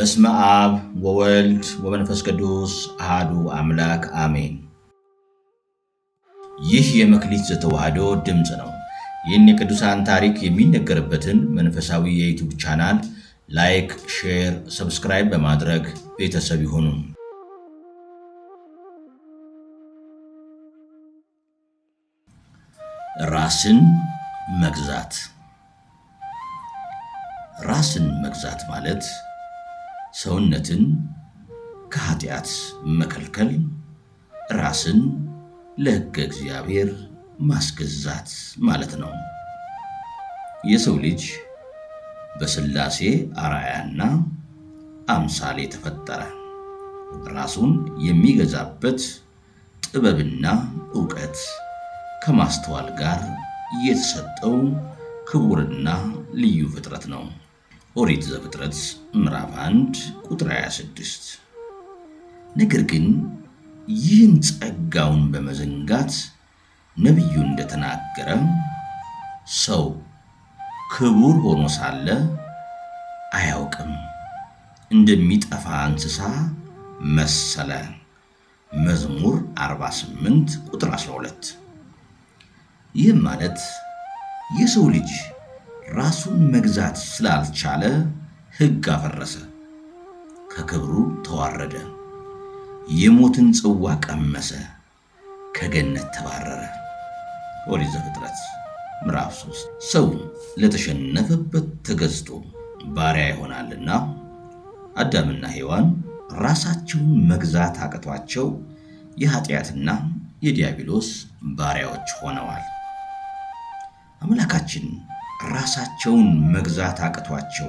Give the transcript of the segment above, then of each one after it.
በስመ አብ ወወልድ ወመንፈስ ቅዱስ አሃዱ አምላክ አሜን። ይህ የመክሊት ዘተዋህዶ ድምፅ ነው። ይህን የቅዱሳን ታሪክ የሚነገርበትን መንፈሳዊ የዩቱብ ቻናል ላይክ፣ ሼር፣ ሰብስክራይብ በማድረግ ቤተሰብ ይሁኑ። ራስን መግዛት ራስን መግዛት ማለት ሰውነትን ከኃጢአት መከልከል፣ ራስን ለሕገ እግዚአብሔር ማስገዛት ማለት ነው። የሰው ልጅ በሥላሴ አርአያና አምሳሌ ተፈጠረ። ራሱን የሚገዛበት ጥበብና ዕውቀት ከማስተዋል ጋር የተሰጠው ክቡርና ልዩ ፍጥረት ነው። ኦሪት ዘፍጥረት ምዕራፍ 1 ቁጥር 26። ነገር ግን ይህን ጸጋውን በመዘንጋት ነቢዩ እንደተናገረ ሰው ክቡር ሆኖ ሳለ አያውቅም፣ እንደሚጠፋ እንስሳ መሰለ። መዝሙር 48 ቁጥር 12። ይህም ማለት የሰው ልጅ ራሱን መግዛት ስላልቻለ ሕግ አፈረሰ፣ ከክብሩ ተዋረደ፣ የሞትን ጽዋ ቀመሰ፣ ከገነት ተባረረ። ኦሪት ዘፍጥረት ምዕራፍ 3። ሰው ለተሸነፈበት ተገዝቶ ባሪያ ይሆናልና አዳምና ሔዋን ራሳቸውን መግዛት አቅቷቸው የኃጢአትና የዲያብሎስ ባሪያዎች ሆነዋል። አምላካችን ራሳቸውን መግዛት አቅቷቸው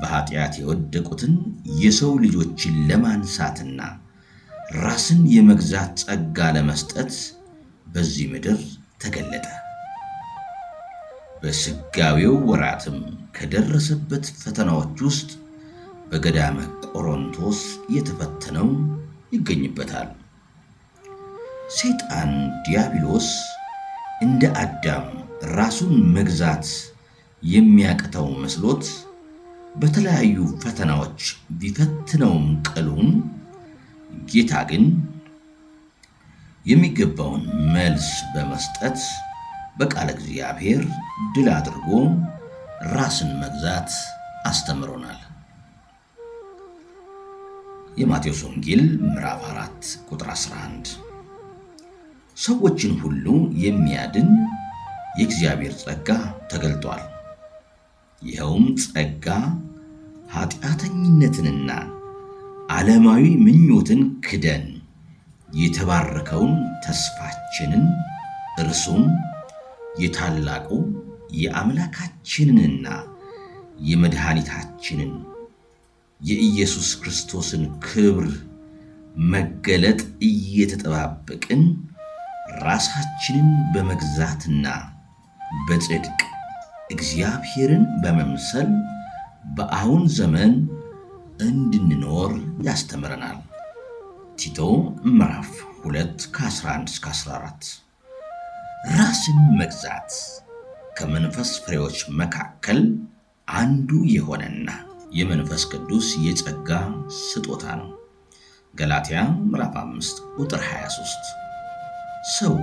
በኃጢአት የወደቁትን የሰው ልጆችን ለማንሳትና ራስን የመግዛት ጸጋ ለመስጠት በዚህ ምድር ተገለጠ። በስጋዌው ወራትም ከደረሰበት ፈተናዎች ውስጥ በገዳመ ቆሮንቶስ የተፈተነው ይገኝበታል። ሰይጣን ዲያብሎስ እንደ አዳም ራሱን መግዛት የሚያቅተው መስሎት በተለያዩ ፈተናዎች ቢፈትነውም ቀሉን ጌታ ግን የሚገባውን መልስ በመስጠት በቃለ እግዚአብሔር ድል አድርጎ ራስን መግዛት አስተምሮናል። የማቴዎስ ወንጌል ምዕራፍ 4 ቁጥር 11 ሰዎችን ሁሉ የሚያድን የእግዚአብሔር ጸጋ ተገልጧል። ይኸውም ጸጋ ኃጢአተኝነትንና ዓለማዊ ምኞትን ክደን የተባረከውን ተስፋችንን እርሱም የታላቁ የአምላካችንንና የመድኃኒታችንን የኢየሱስ ክርስቶስን ክብር መገለጥ እየተጠባበቅን ራሳችንን በመግዛትና በጽድቅ እግዚአብሔርን በመምሰል በአሁን ዘመን እንድንኖር ያስተምረናል። ቲቶ ምዕራፍ 2 ከ11 እስከ 14። ራስን መግዛት ከመንፈስ ፍሬዎች መካከል አንዱ የሆነና የመንፈስ ቅዱስ የጸጋ ስጦታ ነው። ገላትያ ምዕራፍ 5 ቁጥር 23 ሰው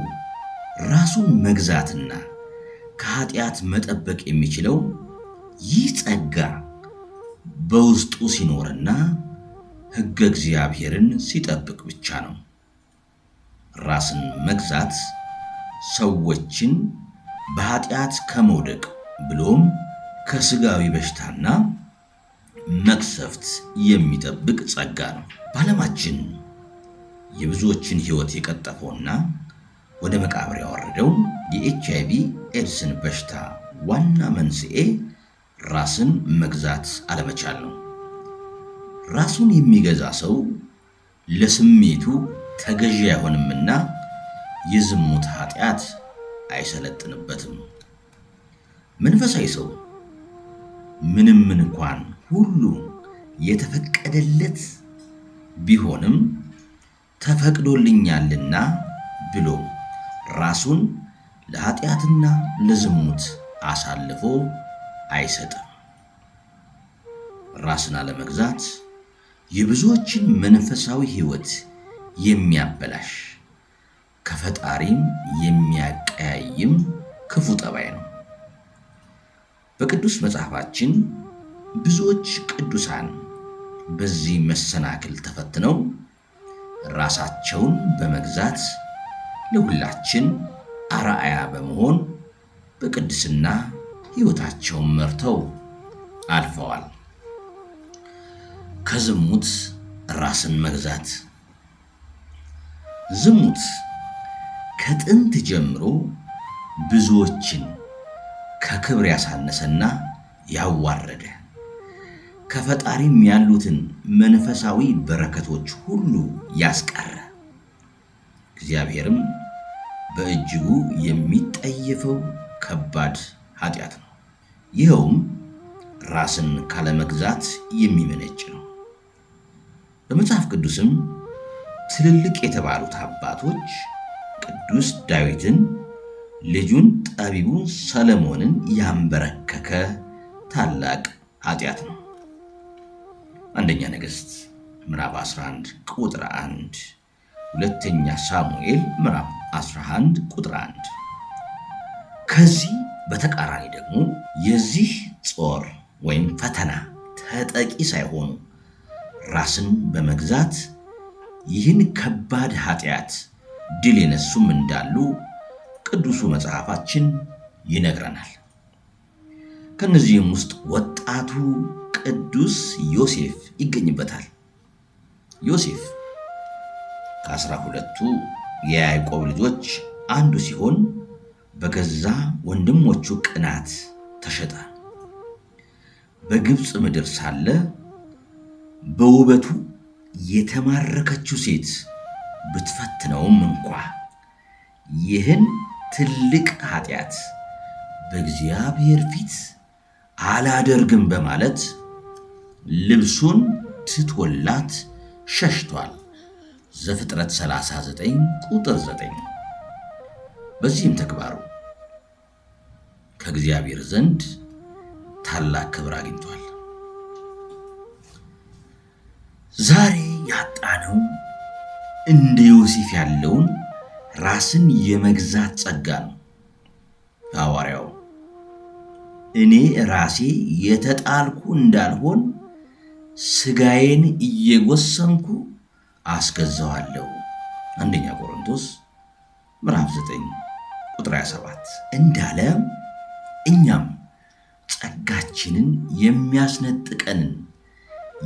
ራሱን መግዛትና ከኃጢአት መጠበቅ የሚችለው ይህ ጸጋ በውስጡ ሲኖርና ሕገ እግዚአብሔርን ሲጠብቅ ብቻ ነው። ራስን መግዛት ሰዎችን በኃጢአት ከመውደቅ ብሎም ከሥጋዊ በሽታና መቅሰፍት የሚጠብቅ ጸጋ ነው። በዓለማችን የብዙዎችን ሕይወት የቀጠፈውና ወደ መቃብር ያወረደው የኤች አይ ቪ ኤድስን በሽታ ዋና መንስኤ ራስን መግዛት አለመቻል ነው። ራሱን የሚገዛ ሰው ለስሜቱ ተገዢ አይሆንምና የዝሙት ኃጢአት አይሰለጥንበትም። መንፈሳዊ ሰው ምንም እንኳን ሁሉ የተፈቀደለት ቢሆንም ተፈቅዶልኛልና ብሎ ራሱን ለኃጢአትና ለዝሙት አሳልፎ አይሰጥም። ራስን አለመግዛት የብዙዎችን መንፈሳዊ ሕይወት የሚያበላሽ ከፈጣሪም የሚያቀያይም ክፉ ጠባይ ነው። በቅዱስ መጽሐፋችን ብዙዎች ቅዱሳን በዚህ መሰናክል ተፈትነው ራሳቸውን በመግዛት ለሁላችን አርአያ በመሆን በቅድስና ሕይወታቸውን መርተው አልፈዋል። ከዝሙት ራስን መግዛት። ዝሙት ከጥንት ጀምሮ ብዙዎችን ከክብር ያሳነሰና ያዋረደ ከፈጣሪም ያሉትን መንፈሳዊ በረከቶች ሁሉ ያስቀረ እግዚአብሔርም በእጅጉ የሚጠየፈው ከባድ ኃጢአት ነው። ይኸውም ራስን ካለመግዛት የሚመነጭ ነው። በመጽሐፍ ቅዱስም ትልልቅ የተባሉት አባቶች ቅዱስ ዳዊትን ልጁን ጠቢቡን ሰለሞንን ያንበረከከ ታላቅ ኃጢአት ነው። አንደኛ ነገሥት ምዕራፍ 11 ቁጥር 1 ሁለተኛ ሳሙኤል ምዕራፍ 11 ቁጥር 1። ከዚህ በተቃራኒ ደግሞ የዚህ ጾር ወይም ፈተና ተጠቂ ሳይሆኑ ራስን በመግዛት ይህን ከባድ ኃጢአት ድል የነሱም እንዳሉ ቅዱሱ መጽሐፋችን ይነግረናል። ከእነዚህም ውስጥ ወጣቱ ቅዱስ ዮሴፍ ይገኝበታል። ዮሴፍ ከአስራ ሁለቱ የያዕቆብ ልጆች አንዱ ሲሆን በገዛ ወንድሞቹ ቅናት ተሸጠ። በግብፅ ምድር ሳለ በውበቱ የተማረከችው ሴት ብትፈትነውም እንኳ ይህን ትልቅ ኃጢአት በእግዚአብሔር ፊት አላደርግም በማለት ልብሱን ትቶላት ሸሽቷል። ዘፍጥረት 39 ቁጥር 9። በዚህም ተግባሩ ከእግዚአብሔር ዘንድ ታላቅ ክብር አግኝቷል። ዛሬ ያጣነው እንደ ዮሴፍ ያለውን ራስን የመግዛት ጸጋ ነው። ሐዋርያው እኔ ራሴ የተጣልኩ እንዳልሆን ስጋዬን እየጎሰምኩ አስገዛዋለሁ። አንደኛ ቆሮንቶስ ምዕራፍ 9 ቁጥር 27 እንዳለ እኛም ጸጋችንን የሚያስነጥቀንን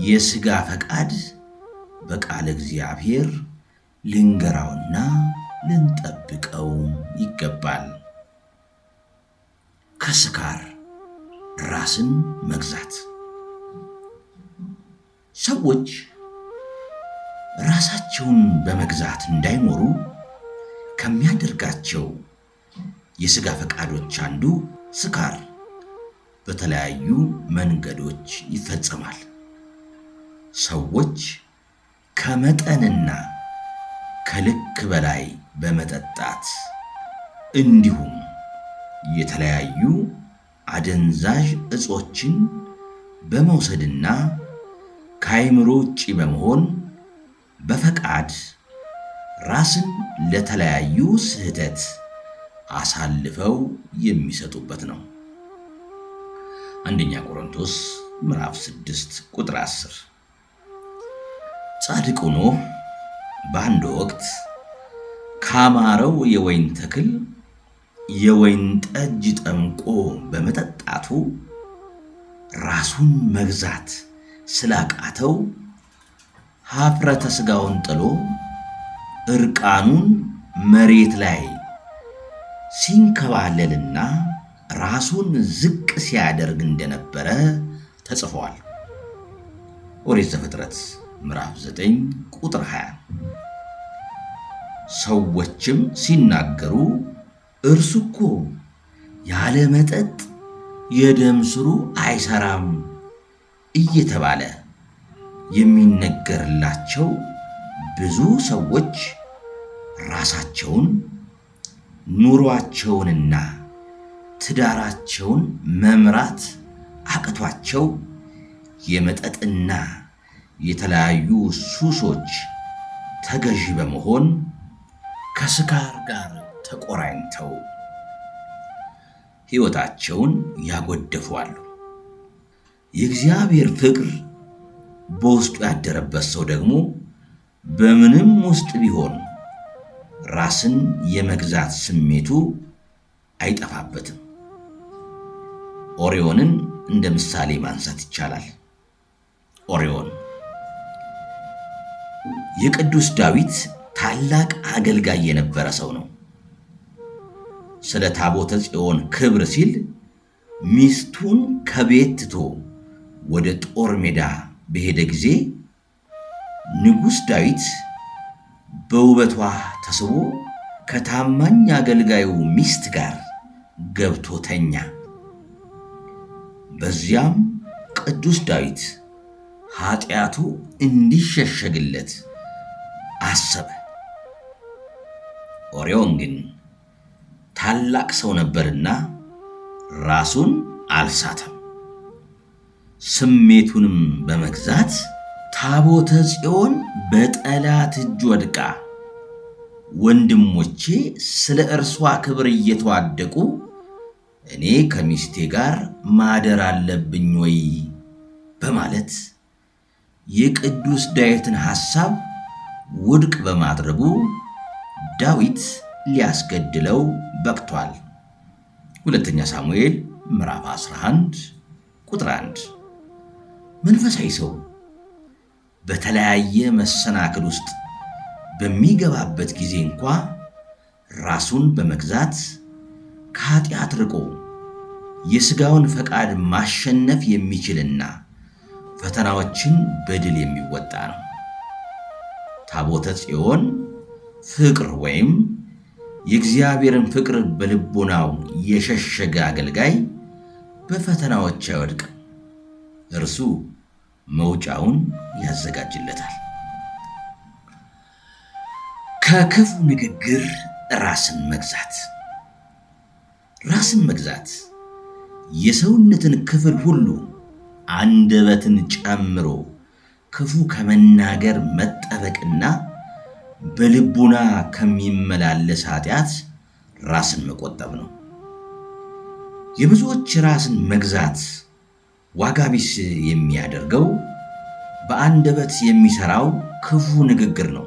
የሥጋ ፈቃድ በቃለ እግዚአብሔር ልንገራውና ልንጠብቀው ይገባል። ከስካር ራስን መግዛት ሰዎች ራሳቸውን በመግዛት እንዳይኖሩ ከሚያደርጋቸው የስጋ ፈቃዶች አንዱ ስካር በተለያዩ መንገዶች ይፈጸማል። ሰዎች ከመጠንና ከልክ በላይ በመጠጣት እንዲሁም የተለያዩ አደንዛዥ እጾችን በመውሰድና ከአይምሮ ውጪ በመሆን በፈቃድ ራስን ለተለያዩ ስህተት አሳልፈው የሚሰጡበት ነው። አንደኛ ቆሮንቶስ ምዕራፍ 6 ቁጥር 10። ጻድቅ ሆኖ በአንድ ወቅት ካማረው የወይን ተክል የወይን ጠጅ ጠምቆ በመጠጣቱ ራሱን መግዛት ስላቃተው ሀፍረተ ስጋውን ጥሎ እርቃኑን መሬት ላይ ሲንከባለልና ራሱን ዝቅ ሲያደርግ እንደነበረ ተጽፏል። ኦሪት ዘፍጥረት ምዕራፍ 9 ቁጥር 20። ሰዎችም ሲናገሩ እርሱ እኮ ያለ መጠጥ የደም ስሩ አይሰራም እየተባለ የሚነገርላቸው ብዙ ሰዎች ራሳቸውን ኑሯቸውንና ትዳራቸውን መምራት አቅቷቸው የመጠጥና የተለያዩ ሱሶች ተገዢ በመሆን ከስካር ጋር ተቆራኝተው ሕይወታቸውን ያጎደፏሉ። የእግዚአብሔር ፍቅር በውስጡ ያደረበት ሰው ደግሞ በምንም ውስጥ ቢሆን ራስን የመግዛት ስሜቱ አይጠፋበትም። ኦሪዮንን እንደ ምሳሌ ማንሳት ይቻላል። ኦሪዮን የቅዱስ ዳዊት ታላቅ አገልጋይ የነበረ ሰው ነው። ስለ ታቦተ ጽዮን ክብር ሲል ሚስቱን ከቤት ትቶ ወደ ጦር ሜዳ በሄደ ጊዜ ንጉሥ ዳዊት በውበቷ ተስቦ ከታማኝ አገልጋዩ ሚስት ጋር ገብቶ ተኛ። በዚያም ቅዱስ ዳዊት ኃጢአቱ እንዲሸሸግለት አሰበ። ኦሪዮን ግን ታላቅ ሰው ነበርና ራሱን አልሳተም። ስሜቱንም በመግዛት ታቦተ ጽዮን በጠላት እጅ ወድቃ ወንድሞቼ ስለ እርሷ ክብር እየተዋደቁ እኔ ከሚስቴ ጋር ማደር አለብኝ ወይ በማለት የቅዱስ ዳዊትን ሐሳብ ውድቅ በማድረጉ ዳዊት ሊያስገድለው በቅቷል። ሁለተኛ ሳሙኤል ምዕራፍ 11 ቁጥር 1 መንፈሳዊ ሰው በተለያየ መሰናክል ውስጥ በሚገባበት ጊዜ እንኳ ራሱን በመግዛት ከኃጢአት ርቆ የሥጋውን ፈቃድ ማሸነፍ የሚችልና ፈተናዎችን በድል የሚወጣ ነው። ታቦተ ጽዮን ፍቅር ወይም የእግዚአብሔርን ፍቅር በልቦናው የሸሸገ አገልጋይ በፈተናዎች አይወድቅም። እርሱ መውጫውን ያዘጋጅለታል። ከክፉ ንግግር ራስን መግዛት። ራስን መግዛት የሰውነትን ክፍል ሁሉ አንደበትን ጨምሮ ክፉ ከመናገር መጠበቅና በልቡና ከሚመላለስ ኃጢአት ራስን መቆጠብ ነው። የብዙዎች ራስን መግዛት ዋጋ ቢስ የሚያደርገው በአንደበት የሚሰራው ክፉ ንግግር ነው።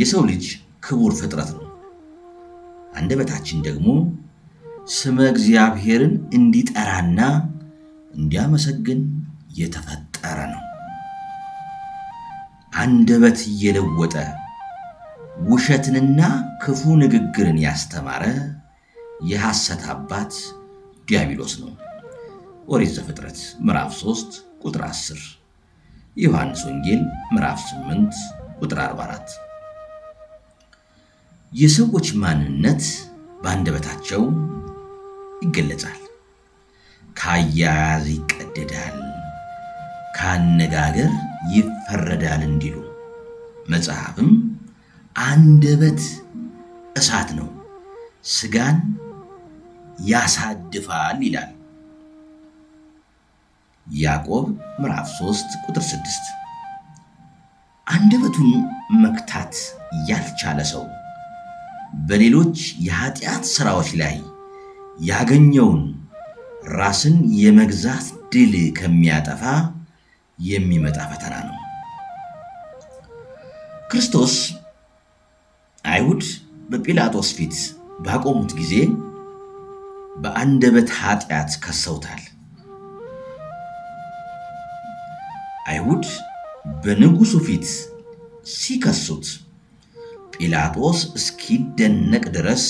የሰው ልጅ ክቡር ፍጥረት ነው። አንደበታችን ደግሞ ስመ እግዚአብሔርን እንዲጠራና እንዲያመሰግን የተፈጠረ ነው። አንደበት እየለወጠ ውሸትንና ክፉ ንግግርን ያስተማረ የሐሰት አባት ዲያብሎስ ነው። ኦሪት ዘፍጥረት ምዕራፍ 3 ቁጥር 10፣ ዮሐንስ ወንጌል ምዕራፍ 8 ቁጥር 44። የሰዎች ማንነት በአንደበታቸው ይገለጻል። ከአያያዝ ይቀደዳል፣ ከአነጋገር ይፈረዳል እንዲሉ መጽሐፍም አንደበት እሳት ነው፣ ስጋን ያሳድፋል ይላል። ያዕቆብ ምዕራፍ 3 ቁጥር 6። አንደበቱን መክታት ያልቻለ ሰው በሌሎች የኃጢአት ሥራዎች ላይ ያገኘውን ራስን የመግዛት ድል ከሚያጠፋ የሚመጣ ፈተና ነው። ክርስቶስ አይሁድ በጲላጦስ ፊት ባቆሙት ጊዜ በአንደበት ኃጢአት ከሰውታል። አይሁድ በንጉሱ ፊት ሲከሱት ጲላጦስ እስኪደነቅ ድረስ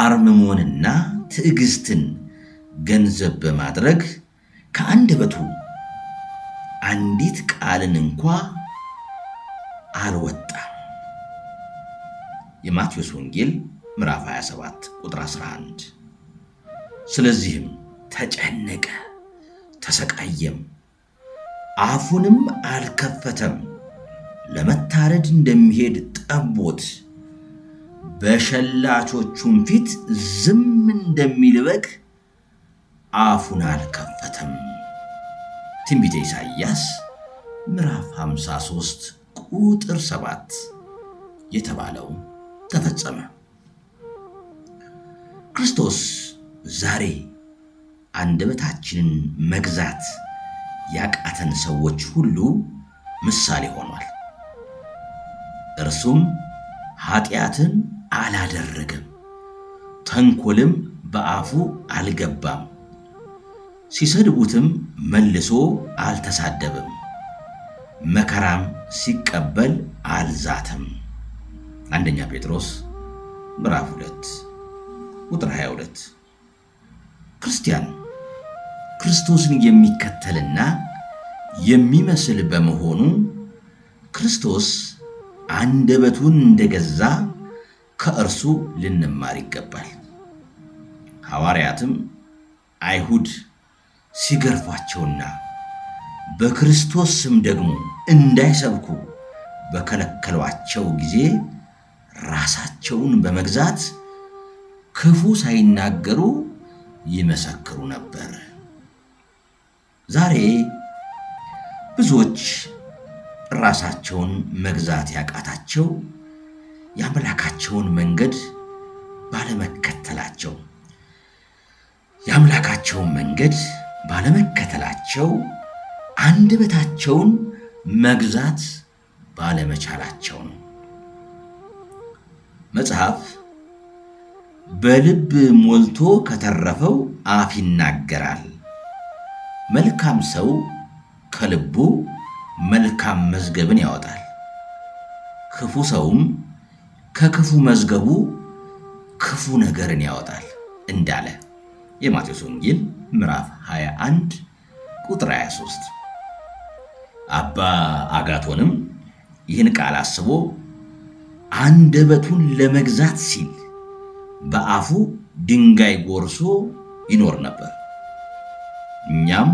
አርምሞንና ትዕግስትን ገንዘብ በማድረግ ከአንደበቱ አንዲት ቃልን እንኳ አልወጣም። የማቴዎስ ወንጌል ምዕራፍ 27 ቁጥር 11። ስለዚህም ተጨነቀ፣ ተሰቃየም። አፉንም አልከፈተም። ለመታረድ እንደሚሄድ ጠቦት በሸላቾቹም ፊት ዝም እንደሚል በግ አፉን አልከፈተም። ትንቢተ ኢሳይያስ ምዕራፍ 53 ቁጥር 7 የተባለው ተፈጸመ። ክርስቶስ ዛሬ አንደበታችንን መግዛት ያቃተን ሰዎች ሁሉ ምሳሌ ሆኗል። እርሱም ኃጢአትን አላደረገም፣ ተንኮልም በአፉ አልገባም፣ ሲሰድቡትም መልሶ አልተሳደበም፣ መከራም ሲቀበል አልዛተም። አንደኛ ጴጥሮስ ምዕራፍ 2 ቁጥር 22። ክርስቲያን ክርስቶስን የሚከተልና የሚመስል በመሆኑ ክርስቶስ አንደበቱን እንደገዛ ከእርሱ ልንማር ይገባል። ሐዋርያትም አይሁድ ሲገርፏቸውና በክርስቶስ ስም ደግሞ እንዳይሰብኩ በከለከሏቸው ጊዜ ራሳቸውን በመግዛት ክፉ ሳይናገሩ ይመሰክሩ ነበር። ዛሬ ብዙዎች ራሳቸውን መግዛት ያቃታቸው የአምላካቸውን መንገድ ባለመከተላቸው የአምላካቸውን መንገድ ባለመከተላቸው አንደበታቸውን መግዛት ባለመቻላቸው ነው። መጽሐፍ በልብ ሞልቶ ከተረፈው አፍ ይናገራል መልካም ሰው ከልቡ መልካም መዝገብን ያወጣል፣ ክፉ ሰውም ከክፉ መዝገቡ ክፉ ነገርን ያወጣል እንዳለ የማቴዎስ ወንጌል ምዕራፍ 21 ቁጥር 23። አባ አጋቶንም ይህን ቃል አስቦ አንደበቱን ለመግዛት ሲል በአፉ ድንጋይ ጎርሶ ይኖር ነበር። እኛም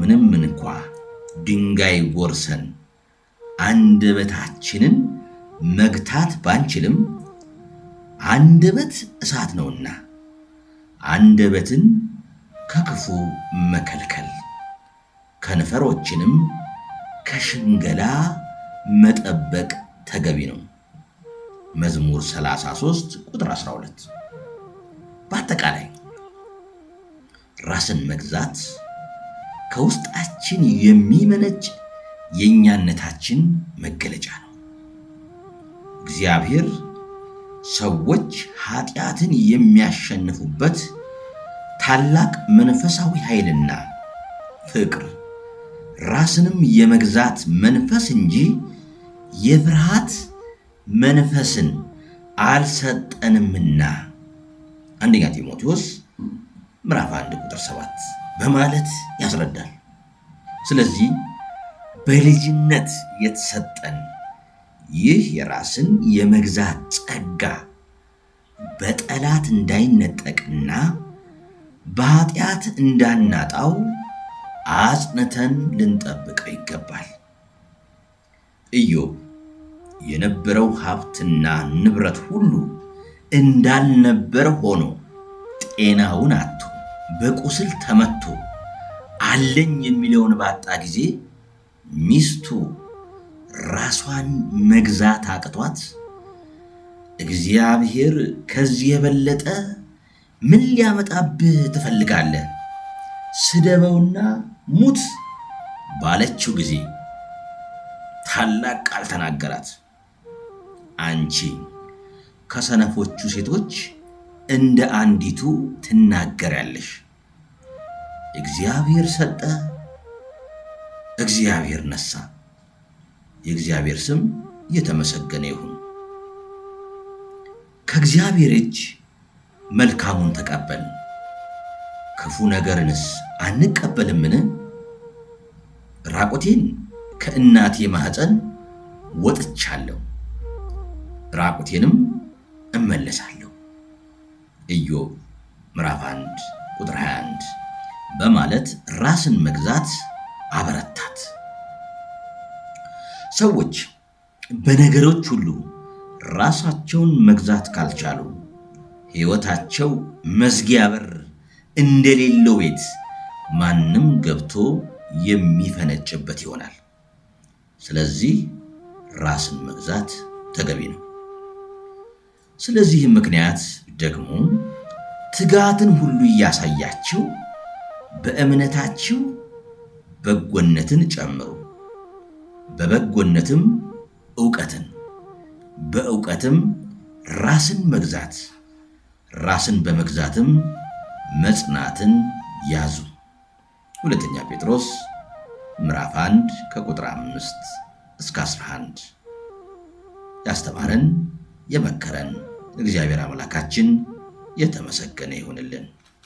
ምንም እንኳ ድንጋይ ጎርሰን አንደበታችንን መግታት ባንችልም አንደበት እሳት ነውና አንደበትን ከክፉ መከልከል ከንፈሮችንም ከሽንገላ መጠበቅ ተገቢ ነው። መዝሙር 33 ቁጥር 12። በአጠቃላይ ራስን መግዛት ከውስጣችን የሚመነጭ የእኛነታችን መገለጫ ነው። እግዚአብሔር ሰዎች ኃጢአትን የሚያሸንፉበት ታላቅ መንፈሳዊ ኃይልና ፍቅር ራስንም የመግዛት መንፈስ እንጂ የፍርሃት መንፈስን አልሰጠንምና አንደኛ ጢሞቴዎስ ምዕራፍ 1 ቁጥር 7 በማለት ያስረዳል። ስለዚህ በልጅነት የተሰጠን ይህ የራስን የመግዛት ጸጋ በጠላት እንዳይነጠቅና በኃጢአት እንዳናጣው አጽንተን ልንጠብቀው ይገባል። ኢዮብ የነበረው ሀብትና ንብረት ሁሉ እንዳልነበር ሆኖ ጤናውን አቶ በቁስል ተመቶ አለኝ የሚለውን ባጣ ጊዜ ሚስቱ ራሷን መግዛት አቅቷት እግዚአብሔር ከዚህ የበለጠ ምን ሊያመጣብህ ትፈልጋለህ? ስደበውና ሙት ባለችው ጊዜ ታላቅ ቃል ተናገራት። አንቺ ከሰነፎቹ ሴቶች እንደ አንዲቱ ትናገራለሽ። እግዚአብሔር ሰጠ፣ እግዚአብሔር ነሳ። የእግዚአብሔር ስም የተመሰገነ ይሁን። ከእግዚአብሔር እጅ መልካሙን ተቀበል፣ ክፉ ነገርንስ አንቀበልምን? ራቁቴን ከእናቴ ማኅፀን ወጥቻለሁ፣ ራቁቴንም እመለሳለሁ። ኢዮብ ምዕራፍ 1 ቁጥር 21 በማለት ራስን መግዛት አበረታት። ሰዎች በነገሮች ሁሉ ራሳቸውን መግዛት ካልቻሉ ሕይወታቸው መዝጊያ በር እንደሌለው ቤት ማንም ገብቶ የሚፈነጭበት ይሆናል። ስለዚህ ራስን መግዛት ተገቢ ነው። ስለዚህም ምክንያት ደግሞ ትጋትን ሁሉ እያሳያችሁ በእምነታችሁ በጎነትን ጨምሩ፣ በበጎነትም እውቀትን፣ በእውቀትም ራስን መግዛት፣ ራስን በመግዛትም መጽናትን ያዙ። ሁለተኛ ጴጥሮስ ምዕራፍ 1 ከቁጥር 5 እስከ 11 ያስተማረን የመከረን እግዚአብሔር አምላካችን የተመሰገነ ይሁንልን።